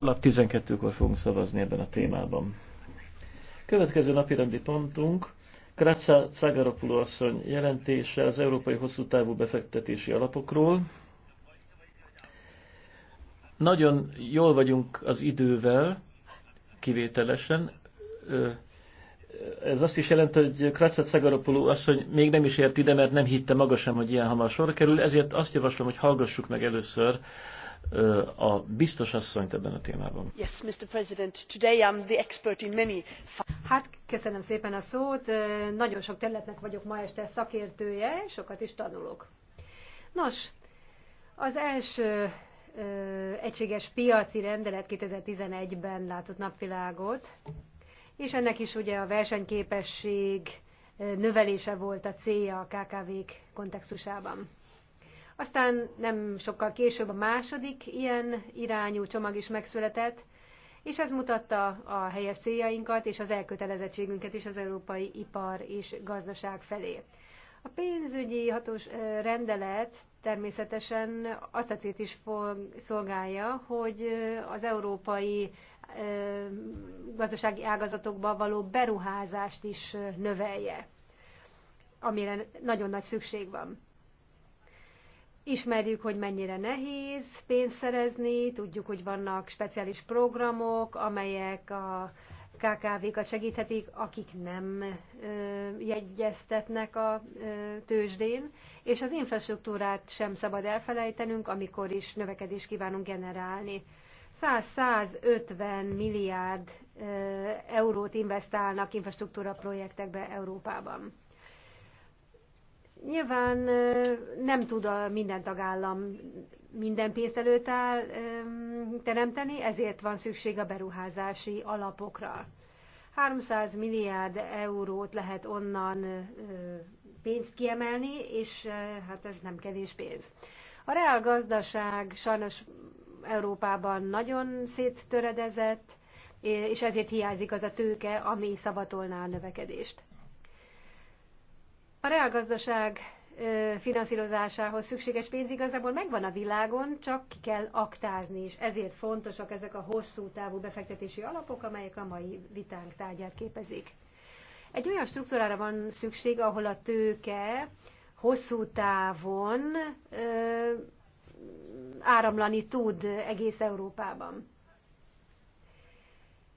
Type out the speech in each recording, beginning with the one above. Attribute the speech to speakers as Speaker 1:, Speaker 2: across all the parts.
Speaker 1: Lap 12-kor fogunk szavazni ebben a témában. Következő napirendi pontunk Kratza Cagaropulo asszony jelentése az Európai Hosszú Távú Befektetési Alapokról. Nagyon jól vagyunk az idővel, kivételesen. Ez azt is jelenti, hogy Kratza Cagaropulo asszony még nem is ért ide, mert nem hitte maga sem, hogy ilyen hamar sor kerül, ezért azt javaslom, hogy hallgassuk meg először a biztos asszonyt ebben a témában.
Speaker 2: Yes, Mr. President, today I'm the expert in many... Hát, köszönöm szépen a szót. Nagyon sok területnek vagyok ma este szakértője, sokat is tanulok. Nos, az első ö, egységes piaci rendelet 2011-ben látott napvilágot, és ennek is ugye a versenyképesség növelése volt a célja a KKV-k kontextusában. Aztán nem sokkal később a második ilyen irányú csomag is megszületett, és ez mutatta a helyes céljainkat és az elkötelezettségünket is az európai ipar és gazdaság felé. A pénzügyi hatós rendelet természetesen azt a célt is szolgálja, hogy az európai gazdasági ágazatokba való beruházást is növelje, amire nagyon nagy szükség van. Ismerjük, hogy mennyire nehéz pénzt szerezni, tudjuk, hogy vannak speciális programok, amelyek a KKV-kat segíthetik, akik nem ö, jegyeztetnek a ö, tőzsdén, és az infrastruktúrát sem szabad elfelejtenünk, amikor is növekedést kívánunk generálni. 100-150 milliárd ö, eurót investálnak infrastruktúra projektekbe Európában. Nyilván nem tud a minden tagállam minden pénzt előtt áll teremteni, ezért van szükség a beruházási alapokra. 300 milliárd eurót lehet onnan pénzt kiemelni, és hát ez nem kevés pénz. A reál gazdaság sajnos Európában nagyon széttöredezett, és ezért hiányzik az a tőke, ami szabatolná a növekedést. A reálgazdaság finanszírozásához szükséges pénz igazából megvan a világon, csak ki kell aktázni, és ezért fontosak ezek a hosszú távú befektetési alapok, amelyek a mai vitánk tárgyát képezik. Egy olyan struktúrára van szükség, ahol a tőke hosszú távon ö, áramlani tud egész Európában.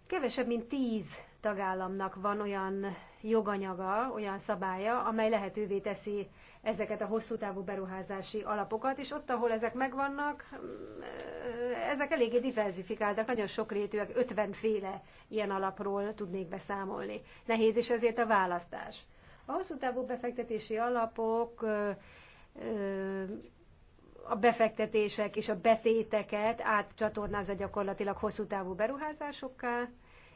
Speaker 2: Kevesebb, mint tíz tagállamnak van olyan joganyaga, olyan szabálya, amely lehetővé teszi ezeket a hosszú távú beruházási alapokat, és ott, ahol ezek megvannak, mm, ezek eléggé diversifikáltak, nagyon sokrétűek, 50 féle ilyen alapról tudnék beszámolni. Nehéz is ezért a választás. A hosszú távú befektetési alapok a befektetések és a betéteket átcsatornázza gyakorlatilag hosszú távú beruházásokká,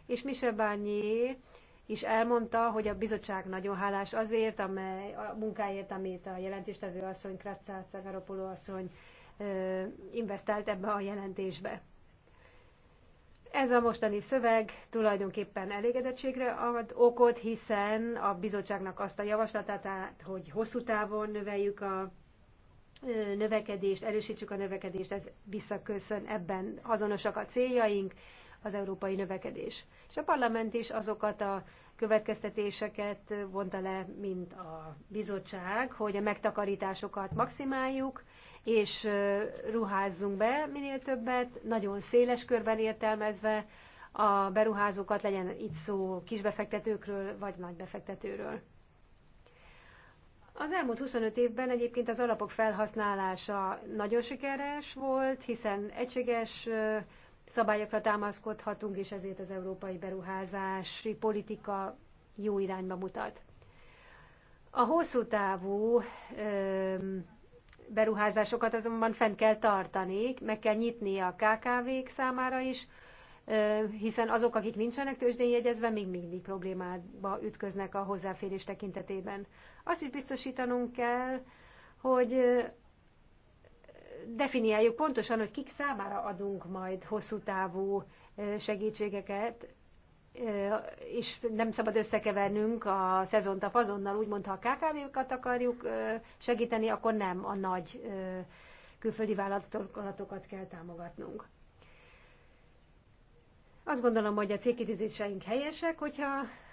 Speaker 2: és Mise Bányé is elmondta, hogy a bizottság nagyon hálás azért, amely a munkáért, amit a jelentéstevő asszony, Kratzát, Szagaropoló asszony investált ebbe a jelentésbe. Ez a mostani szöveg tulajdonképpen elégedettségre ad okot, hiszen a bizottságnak azt a javaslatát, hát, hogy hosszú távon növeljük a növekedést, erősítsük a növekedést, ez visszaköszön, ebben azonosak a céljaink, az európai növekedés. És a parlament is azokat a következtetéseket vonta le, mint a bizottság, hogy a megtakarításokat maximáljuk, és ruházzunk be minél többet, nagyon széles körben értelmezve a beruházókat, legyen itt szó kisbefektetőkről vagy nagybefektetőről. Az elmúlt 25 évben egyébként az alapok felhasználása nagyon sikeres volt, hiszen egységes szabályokra támaszkodhatunk, és ezért az európai beruházási politika jó irányba mutat. A hosszú távú beruházásokat azonban fent kell tartani, meg kell nyitni a KKV-k számára is, hiszen azok, akik nincsenek tőzsdén jegyezve, még mindig problémába ütköznek a hozzáférés tekintetében. Azt is biztosítanunk kell, hogy definiáljuk pontosan, hogy kik számára adunk majd hosszú távú segítségeket, és nem szabad összekevernünk a szezontap azonnal, úgymond, ha a KKV-kat akarjuk segíteni, akkor nem a nagy külföldi vállalatokat kell támogatnunk. Azt gondolom, hogy a célkitűzéseink helyesek, hogyha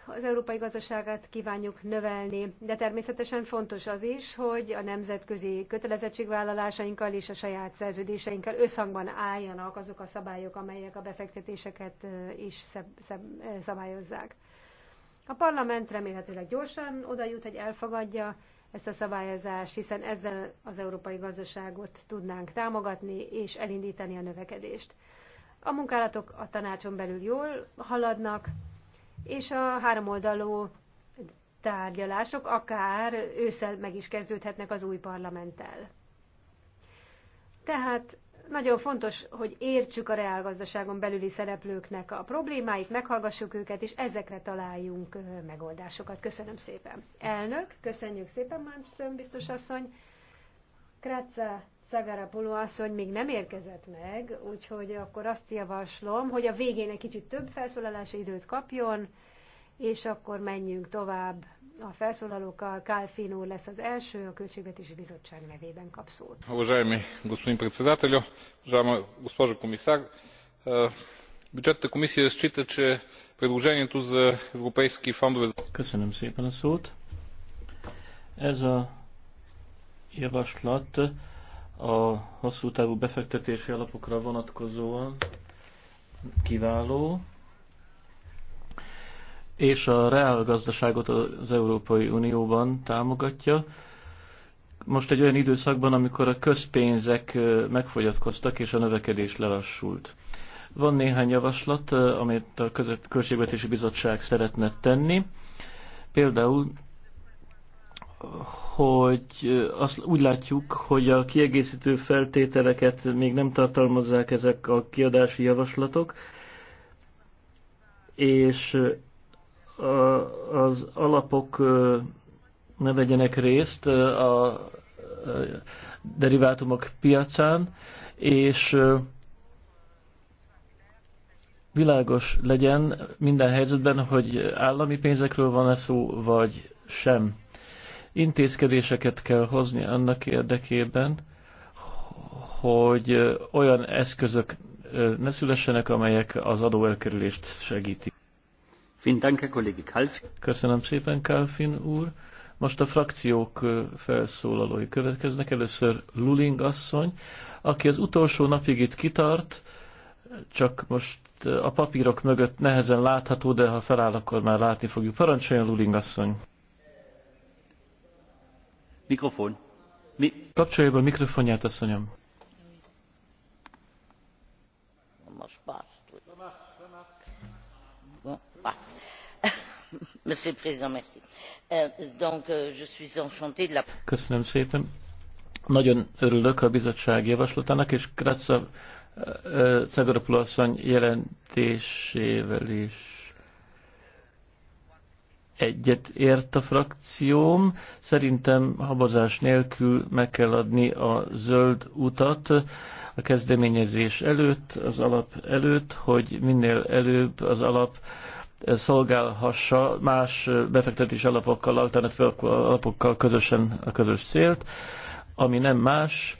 Speaker 2: az európai gazdaságát kívánjuk növelni, de természetesen fontos az is, hogy a nemzetközi kötelezettségvállalásainkkal és a saját szerződéseinkkel összhangban álljanak azok a szabályok, amelyek a befektetéseket is szabályozzák. A parlament remélhetőleg gyorsan oda jut, hogy elfogadja ezt a szabályozást, hiszen ezzel az európai gazdaságot tudnánk támogatni és elindítani a növekedést. A munkálatok a tanácson belül jól haladnak, és a háromoldalú tárgyalások akár ősszel meg is kezdődhetnek az új parlamenttel. Tehát nagyon fontos, hogy értsük a reálgazdaságon belüli szereplőknek a problémáit, meghallgassuk őket, és ezekre találjunk megoldásokat. Köszönöm szépen. Elnök, köszönjük szépen, Malmström biztos asszony. Kratza Szagarapoló asszony még nem érkezett meg, úgyhogy akkor azt javaslom, hogy a végén egy kicsit több felszólalási időt kapjon, és akkor menjünk tovább a felszólalókkal. Kálfin úr lesz az első, a Költségvetési Bizottság nevében kap szót.
Speaker 3: Уважаемый господин председателю, уважаемая госпожа комиссар, бюджетната комисия счита, a предложението за европейски фондове...
Speaker 1: Köszönöm szépen a szót. Ez a javaslat a hosszú távú befektetési alapokra vonatkozóan kiváló, és a reál gazdaságot az Európai Unióban támogatja. Most egy olyan időszakban, amikor a közpénzek megfogyatkoztak és a növekedés lelassult. Van néhány javaslat, amit a Költségvetési Bizottság szeretne tenni. Például hogy azt úgy látjuk, hogy a kiegészítő feltételeket még nem tartalmazzák ezek a kiadási javaslatok, és az alapok ne vegyenek részt a derivátumok piacán, és világos legyen minden helyzetben, hogy állami pénzekről van-e szó, vagy sem. Intézkedéseket kell hozni annak érdekében, hogy olyan eszközök ne szülessenek, amelyek az adóelkerülést segítik. Köszönöm szépen, Kálfin úr. Most a frakciók felszólalói következnek. Először Luling asszony, aki az utolsó napig itt kitart, csak most a papírok mögött nehezen látható, de ha feláll, akkor már látni fogjuk. Parancsoljon Luling asszony! Mikrofon. Mi... Kapcsolja be a mikrofonját, asszonyom. Monsieur le Président, merci. Euh, donc, euh, je suis de la... Köszönöm szépen. Nagyon örülök a bizottság javaslatának, és Kratza Cegarapul asszony jelentésével is egyet ért a frakcióm. Szerintem habozás nélkül meg kell adni a zöld utat a kezdeményezés előtt, az alap előtt, hogy minél előbb az alap szolgálhassa más befektetés alapokkal, alternatív alapokkal közösen a közös célt, ami nem más,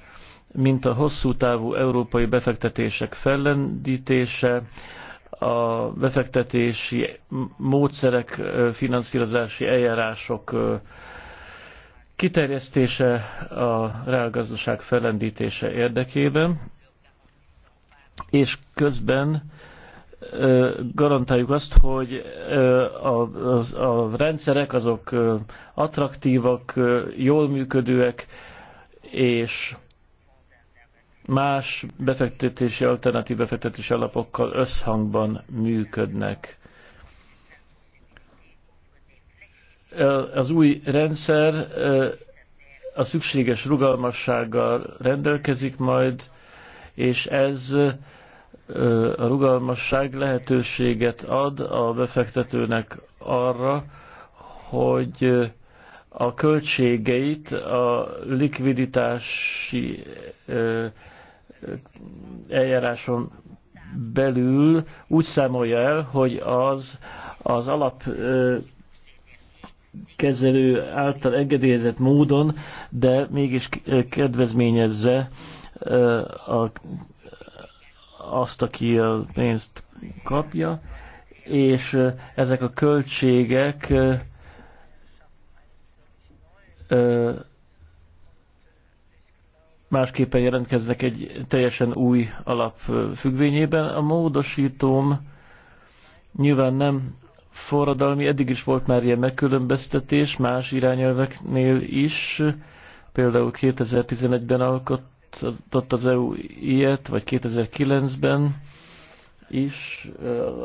Speaker 1: mint a hosszú távú európai befektetések fellendítése, a befektetési módszerek, finanszírozási eljárások kiterjesztése a reálgazdaság felendítése érdekében, és közben garantáljuk azt, hogy a, a, a rendszerek azok attraktívak, jól működőek, és más befektetési, alternatív befektetési alapokkal összhangban működnek. Az új rendszer a szükséges rugalmassággal rendelkezik majd, és ez a rugalmasság lehetőséget ad a befektetőnek arra, hogy a költségeit a likviditási eljáráson belül úgy számolja el, hogy az az alap kezelő által engedélyezett módon, de mégis kedvezményezze a, azt, aki a pénzt kapja, és ezek a költségek másképpen jelentkeznek egy teljesen új alap függvényében. A módosítóm nyilván nem forradalmi, eddig is volt már ilyen megkülönböztetés más irányelveknél is, például 2011-ben alkotott az EU ilyet, vagy 2009-ben is,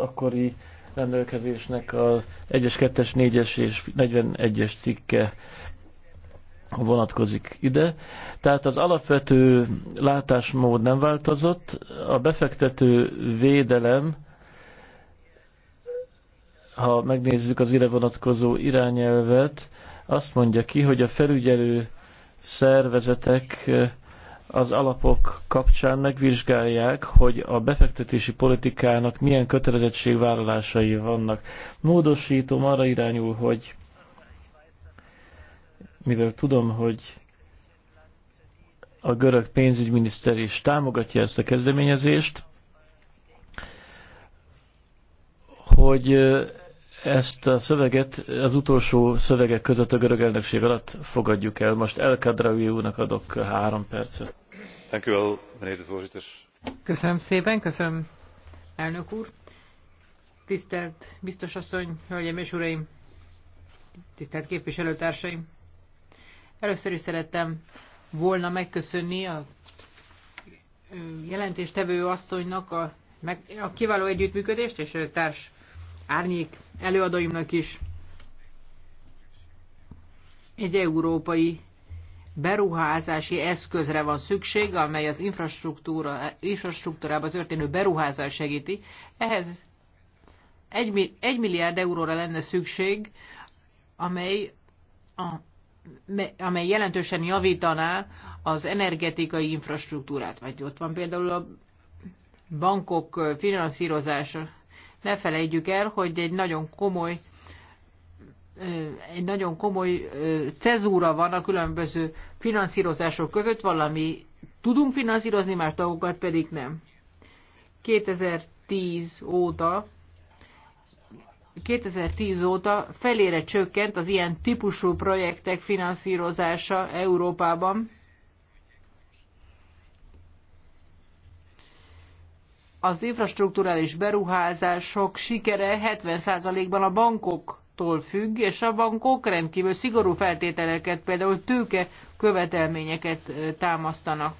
Speaker 1: akkori rendelkezésnek az 1-es, 2-es, 4-es és 41-es cikke vonatkozik ide. Tehát az alapvető látásmód nem változott, a befektető védelem, ha megnézzük az ide vonatkozó irányelvet, azt mondja ki, hogy a felügyelő szervezetek eh, az alapok kapcsán megvizsgálják, hogy a befektetési politikának milyen kötelezettségvállalásai vannak. Módosítom arra irányul, hogy mivel tudom, hogy a görög pénzügyminiszter is támogatja ezt a kezdeményezést, hogy ezt a szöveget az utolsó szövegek között a görög elnökség alatt fogadjuk el. Most El Kadraui úrnak adok három percet.
Speaker 3: Köszönöm szépen, köszönöm elnök úr. Tisztelt biztos asszony, hölgyeim és uraim, tisztelt képviselőtársaim! Először is szerettem volna megköszönni a jelentéstevő asszonynak a, meg, a kiváló együttműködést, és a társ árnyék előadóimnak is. Egy európai beruházási eszközre van szükség, amely az infrastruktúra, infrastruktúrába történő beruházás segíti. Ehhez egy, egy milliárd euróra lenne szükség, amely a amely jelentősen javítaná az energetikai infrastruktúrát. Vagy ott van például a bankok finanszírozása. Ne felejtjük el, hogy egy nagyon komoly egy nagyon komoly cezúra van a különböző finanszírozások között, valami tudunk finanszírozni, más dolgokat pedig nem. 2010 óta 2010 óta felére csökkent az ilyen típusú projektek finanszírozása Európában. Az infrastruktúrális beruházások sikere 70%-ban a bankoktól függ, és a bankok rendkívül szigorú feltételeket, például tőke követelményeket támasztanak.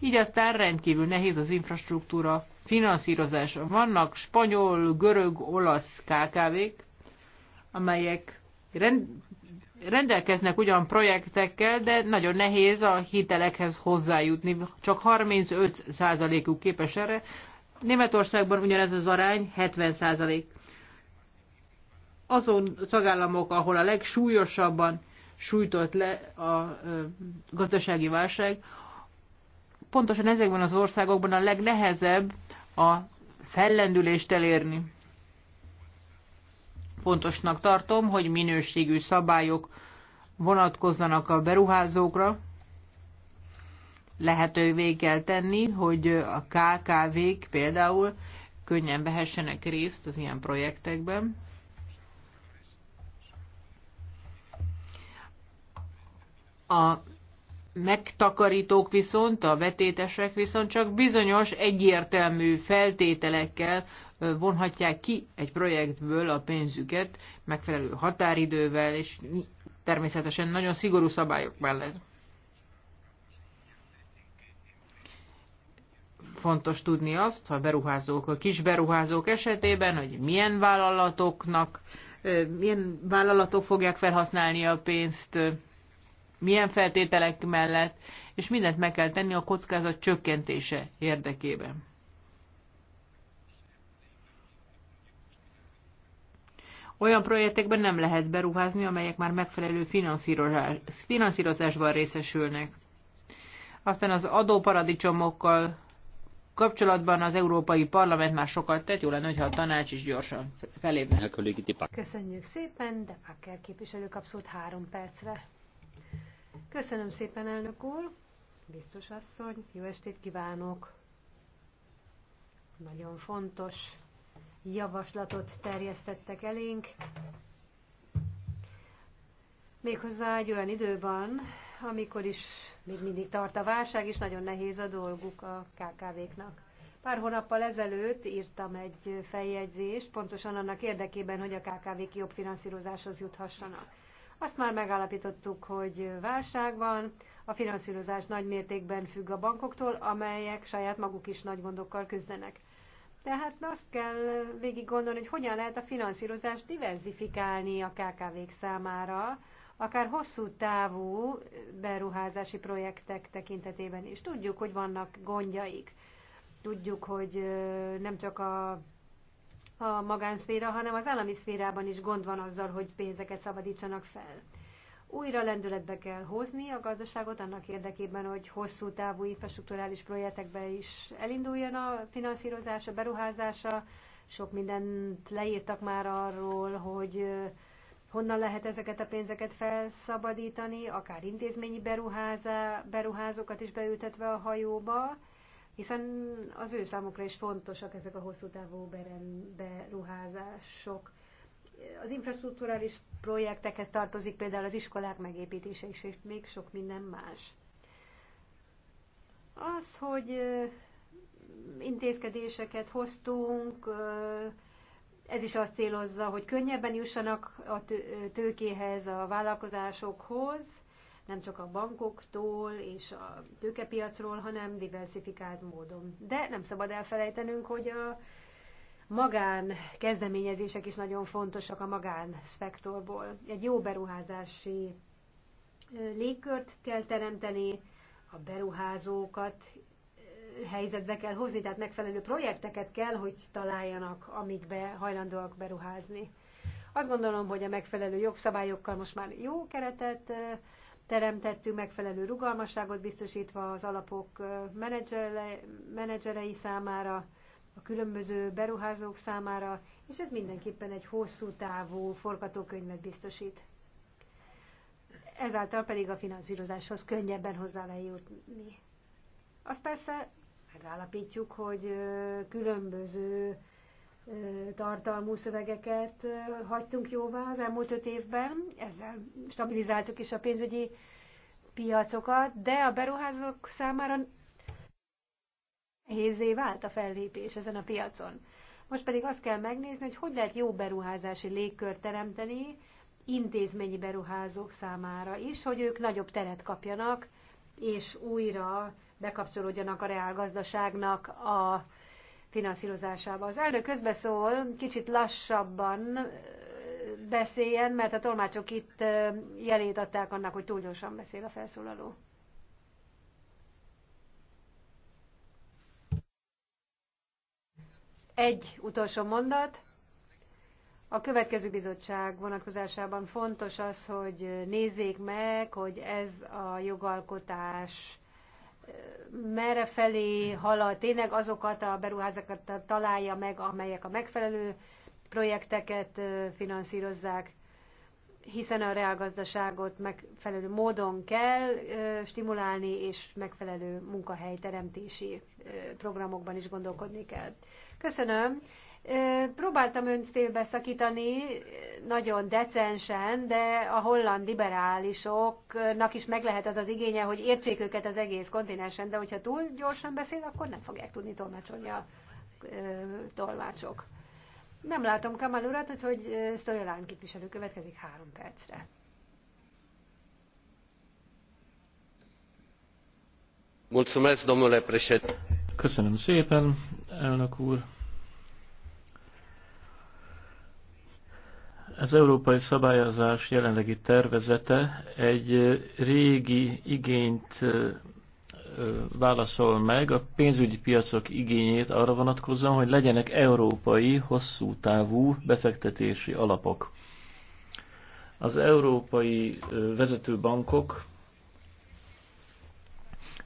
Speaker 3: Így aztán rendkívül nehéz az infrastruktúra finanszírozása. Vannak spanyol, görög, olasz KKV-k, amelyek rend, rendelkeznek ugyan projektekkel, de nagyon nehéz a hitelekhez hozzájutni. Csak 35%-uk képes erre. Németországban ugyanez az arány 70%. Azon tagállamok, ahol a legsúlyosabban sújtott le a gazdasági válság, pontosan ezekben az országokban a legnehezebb a fellendülést elérni. Fontosnak tartom, hogy minőségű szabályok vonatkozzanak a beruházókra, lehetővé kell tenni, hogy a KKV-k például könnyen vehessenek részt az ilyen projektekben. A megtakarítók viszont, a vetétesek viszont csak bizonyos egyértelmű feltételekkel vonhatják ki egy projektből a pénzüket megfelelő határidővel, és természetesen nagyon szigorú szabályok mellett. Fontos tudni azt, ha beruházók, a kis beruházók esetében, hogy milyen vállalatoknak, milyen vállalatok fogják felhasználni a pénzt, milyen feltételek mellett, és mindent meg kell tenni a kockázat csökkentése érdekében. Olyan projektekben nem lehet beruházni, amelyek már megfelelő finanszírozásban részesülnek. Aztán az adóparadicsomokkal kapcsolatban az Európai Parlament már sokat tett, jó lenne, hogyha a tanács is gyorsan felépne.
Speaker 2: Köszönjük szépen, de Packer képviselő kap három percre. Köszönöm szépen, elnök úr. Biztos asszony, jó estét kívánok. Nagyon fontos javaslatot terjesztettek elénk. Méghozzá egy olyan időben, amikor is még mindig tart a válság, és nagyon nehéz a dolguk a KKV-knak. Pár hónappal ezelőtt írtam egy feljegyzést, pontosan annak érdekében, hogy a KKV-k jobb finanszírozáshoz juthassanak. Azt már megállapítottuk, hogy válság van, a finanszírozás nagy mértékben függ a bankoktól, amelyek saját maguk is nagy gondokkal küzdenek. Tehát azt kell végig gondolni, hogy hogyan lehet a finanszírozást diversifikálni a KKV-k számára, akár hosszú távú beruházási projektek tekintetében is. Tudjuk, hogy vannak gondjaik. Tudjuk, hogy nem csak a a magánszféra, hanem az állami szférában is gond van azzal, hogy pénzeket szabadítsanak fel. Újra lendületbe kell hozni a gazdaságot annak érdekében, hogy hosszú távú infrastruktúrális projektekbe is elinduljon a finanszírozása, beruházása. Sok mindent leírtak már arról, hogy honnan lehet ezeket a pénzeket felszabadítani, akár intézményi beruházá, beruházókat is beültetve a hajóba, hiszen az ő számukra is fontosak ezek a hosszú távú beruházások. Az infrastruktúrális projektekhez tartozik például az iskolák megépítése is, és még sok minden más. Az, hogy intézkedéseket hoztunk, ez is azt célozza, hogy könnyebben jussanak a tőkéhez, a vállalkozásokhoz, nem csak a bankoktól és a tőkepiacról, hanem diversifikált módon. De nem szabad elfelejtenünk, hogy a magán kezdeményezések is nagyon fontosak a magán szektorból. Egy jó beruházási légkört kell teremteni, a beruházókat helyzetbe kell hozni, tehát megfelelő projekteket kell, hogy találjanak, amikbe hajlandóak beruházni. Azt gondolom, hogy a megfelelő jogszabályokkal most már jó keretet teremtettünk, megfelelő rugalmasságot biztosítva az alapok menedzserei számára, a különböző beruházók számára, és ez mindenképpen egy hosszú távú forgatókönyvet biztosít. Ezáltal pedig a finanszírozáshoz könnyebben hozzá lehet jutni. Azt persze megállapítjuk, hogy különböző tartalmú szövegeket hagytunk jóvá az elmúlt öt évben, ezzel stabilizáltuk is a pénzügyi piacokat, de a beruházók számára nehézé vált a fellépés ezen a piacon. Most pedig azt kell megnézni, hogy hogy lehet jó beruházási légkört teremteni intézményi beruházók számára is, hogy ők nagyobb teret kapjanak, és újra bekapcsolódjanak a reálgazdaságnak a finanszírozásába. Az elnök közbeszól, kicsit lassabban beszéljen, mert a tolmácsok itt jelét adták annak, hogy túl gyorsan beszél a felszólaló. Egy utolsó mondat. A következő bizottság vonatkozásában fontos az, hogy nézzék meg, hogy ez a jogalkotás merre felé halad, tényleg azokat a beruházakat találja meg, amelyek a megfelelő projekteket finanszírozzák, hiszen a reálgazdaságot megfelelő módon kell stimulálni, és megfelelő munkahelyteremtési programokban is gondolkodni kell. Köszönöm. Próbáltam önt félbeszakítani nagyon decensen, de a holland liberálisoknak is meg lehet az az igénye, hogy értsék őket az egész kontinensen, de hogyha túl gyorsan beszél, akkor nem fogják tudni tolmácsolni a tolmácsok. Nem látom Kamal urat, úgyhogy Sztolyolán képviselő következik három percre.
Speaker 1: Köszönöm szépen, elnök úr. Az európai szabályozás jelenlegi tervezete egy régi igényt válaszol meg, a pénzügyi piacok igényét arra vonatkozóan, hogy legyenek európai, hosszú távú befektetési alapok. Az európai vezető bankok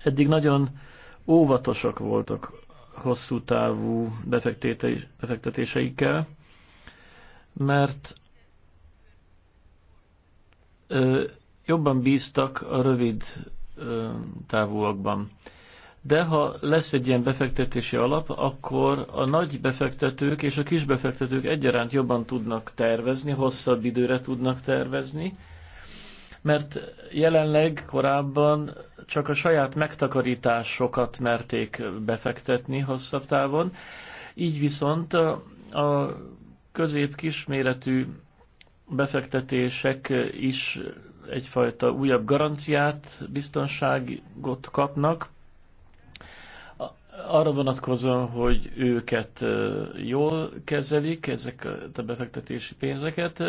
Speaker 1: eddig nagyon óvatosak voltak hosszú távú befektetéseikkel, mert jobban bíztak a rövid távúakban. De ha lesz egy ilyen befektetési alap, akkor a nagy befektetők és a kis befektetők egyaránt jobban tudnak tervezni, hosszabb időre tudnak tervezni, mert jelenleg korábban csak a saját megtakarításokat merték befektetni hosszabb távon, így viszont a közép-kisméretű befektetések is egyfajta újabb garanciát, biztonságot kapnak, arra vonatkozom, hogy őket jól kezelik, ezek a befektetési pénzeket,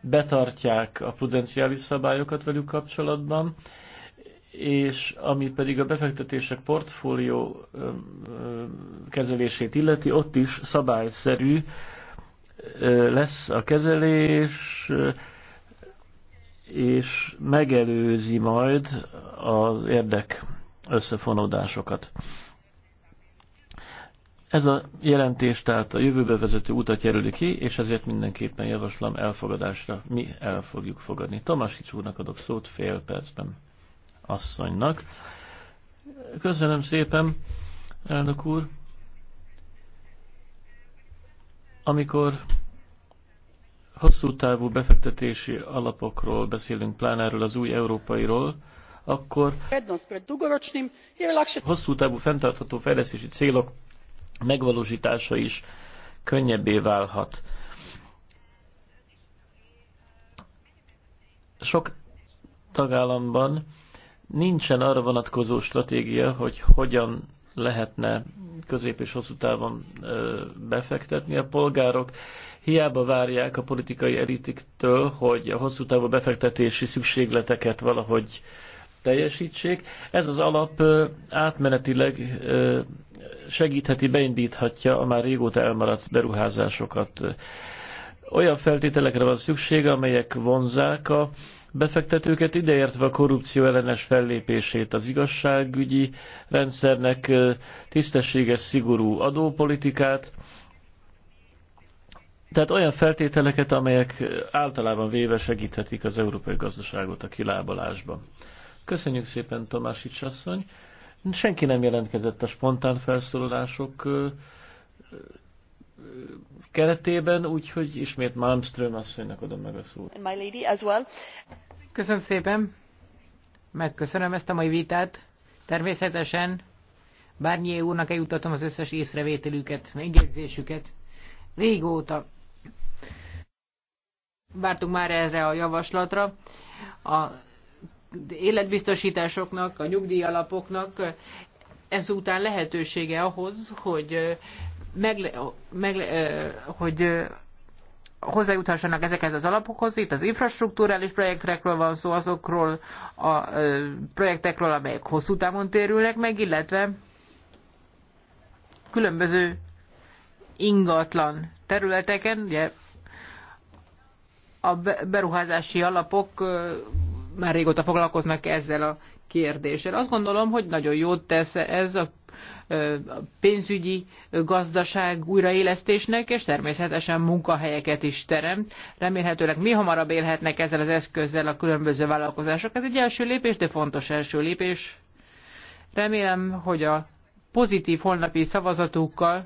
Speaker 1: betartják a prudenciális szabályokat velük kapcsolatban, és ami pedig a befektetések portfólió kezelését illeti, ott is szabályszerű lesz a kezelés, és megelőzi majd az érdek összefonódásokat. Ez a jelentés tehát a jövőbe vezető utat jelöli ki, és ezért mindenképpen javaslom elfogadásra. Mi el fogjuk fogadni. Tamasics úrnak adok szót fél percben asszonynak. Köszönöm szépen, elnök úr. Amikor hosszú távú befektetési alapokról beszélünk, pláne erről az új európairól, akkor hosszú távú fenntartható fejlesztési célok megvalósítása is könnyebbé válhat. Sok tagállamban nincsen arra vonatkozó stratégia, hogy hogyan lehetne közép és hosszú távon befektetni. A polgárok hiába várják a politikai elitiktől, hogy a hosszú távú befektetési szükségleteket valahogy teljesítsék. Ez az alap átmenetileg segítheti, beindíthatja a már régóta elmaradt beruházásokat. Olyan feltételekre van szüksége, amelyek vonzák a befektetőket, ideértve a korrupció ellenes fellépését az igazságügyi rendszernek, tisztességes, szigorú adópolitikát, tehát olyan feltételeket, amelyek általában véve segíthetik az európai gazdaságot a kilábalásban. Köszönjük szépen, Tamásics asszony. Senki nem jelentkezett a spontán felszólalások keretében, úgyhogy ismét Malmström asszonynak adom meg a szót.
Speaker 3: Köszönöm szépen. Megköszönöm ezt a mai vitát. Természetesen bármilyen úrnak eljutatom az összes észrevételüket, megjegyzésüket. Régóta vártunk már erre a javaslatra. A életbiztosításoknak, a nyugdíjalapoknak ezután lehetősége ahhoz, hogy, meg, meg, hogy hozzájuthassanak ezekhez az alapokhoz. Itt az infrastruktúrális projektekről van szó, azokról a projektekről, amelyek hosszú távon térülnek meg, illetve különböző ingatlan területeken, ugye a beruházási alapok már régóta foglalkoznak ezzel a kérdésre. Azt gondolom, hogy nagyon jót tesz ez a pénzügyi gazdaság újraélesztésnek, és természetesen munkahelyeket is teremt. Remélhetőleg mi hamarabb élhetnek ezzel az eszközzel a különböző vállalkozások. Ez egy első lépés, de fontos első lépés. Remélem, hogy a pozitív holnapi szavazatukkal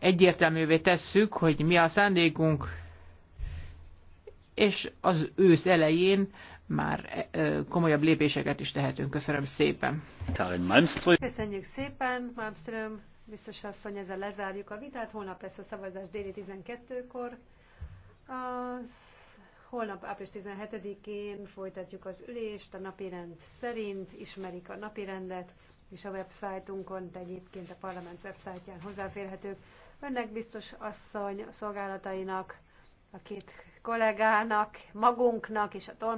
Speaker 3: egyértelművé tesszük, hogy mi a szándékunk, és az ősz elején már e, komolyabb lépéseket is tehetünk. Köszönöm szépen.
Speaker 2: Köszönjük szépen, Malmström. Biztos asszony, ezzel lezárjuk a vitát. Holnap lesz a szavazás déli 12-kor. Az holnap április 17-én folytatjuk az ülést a napirend szerint, ismerik a napirendet, és a websájtunkon, de egyébként a parlament websájtján hozzáférhetők. Önnek biztos asszony, a szolgálatainak, a két kollégának, magunknak és a tolmányoknak.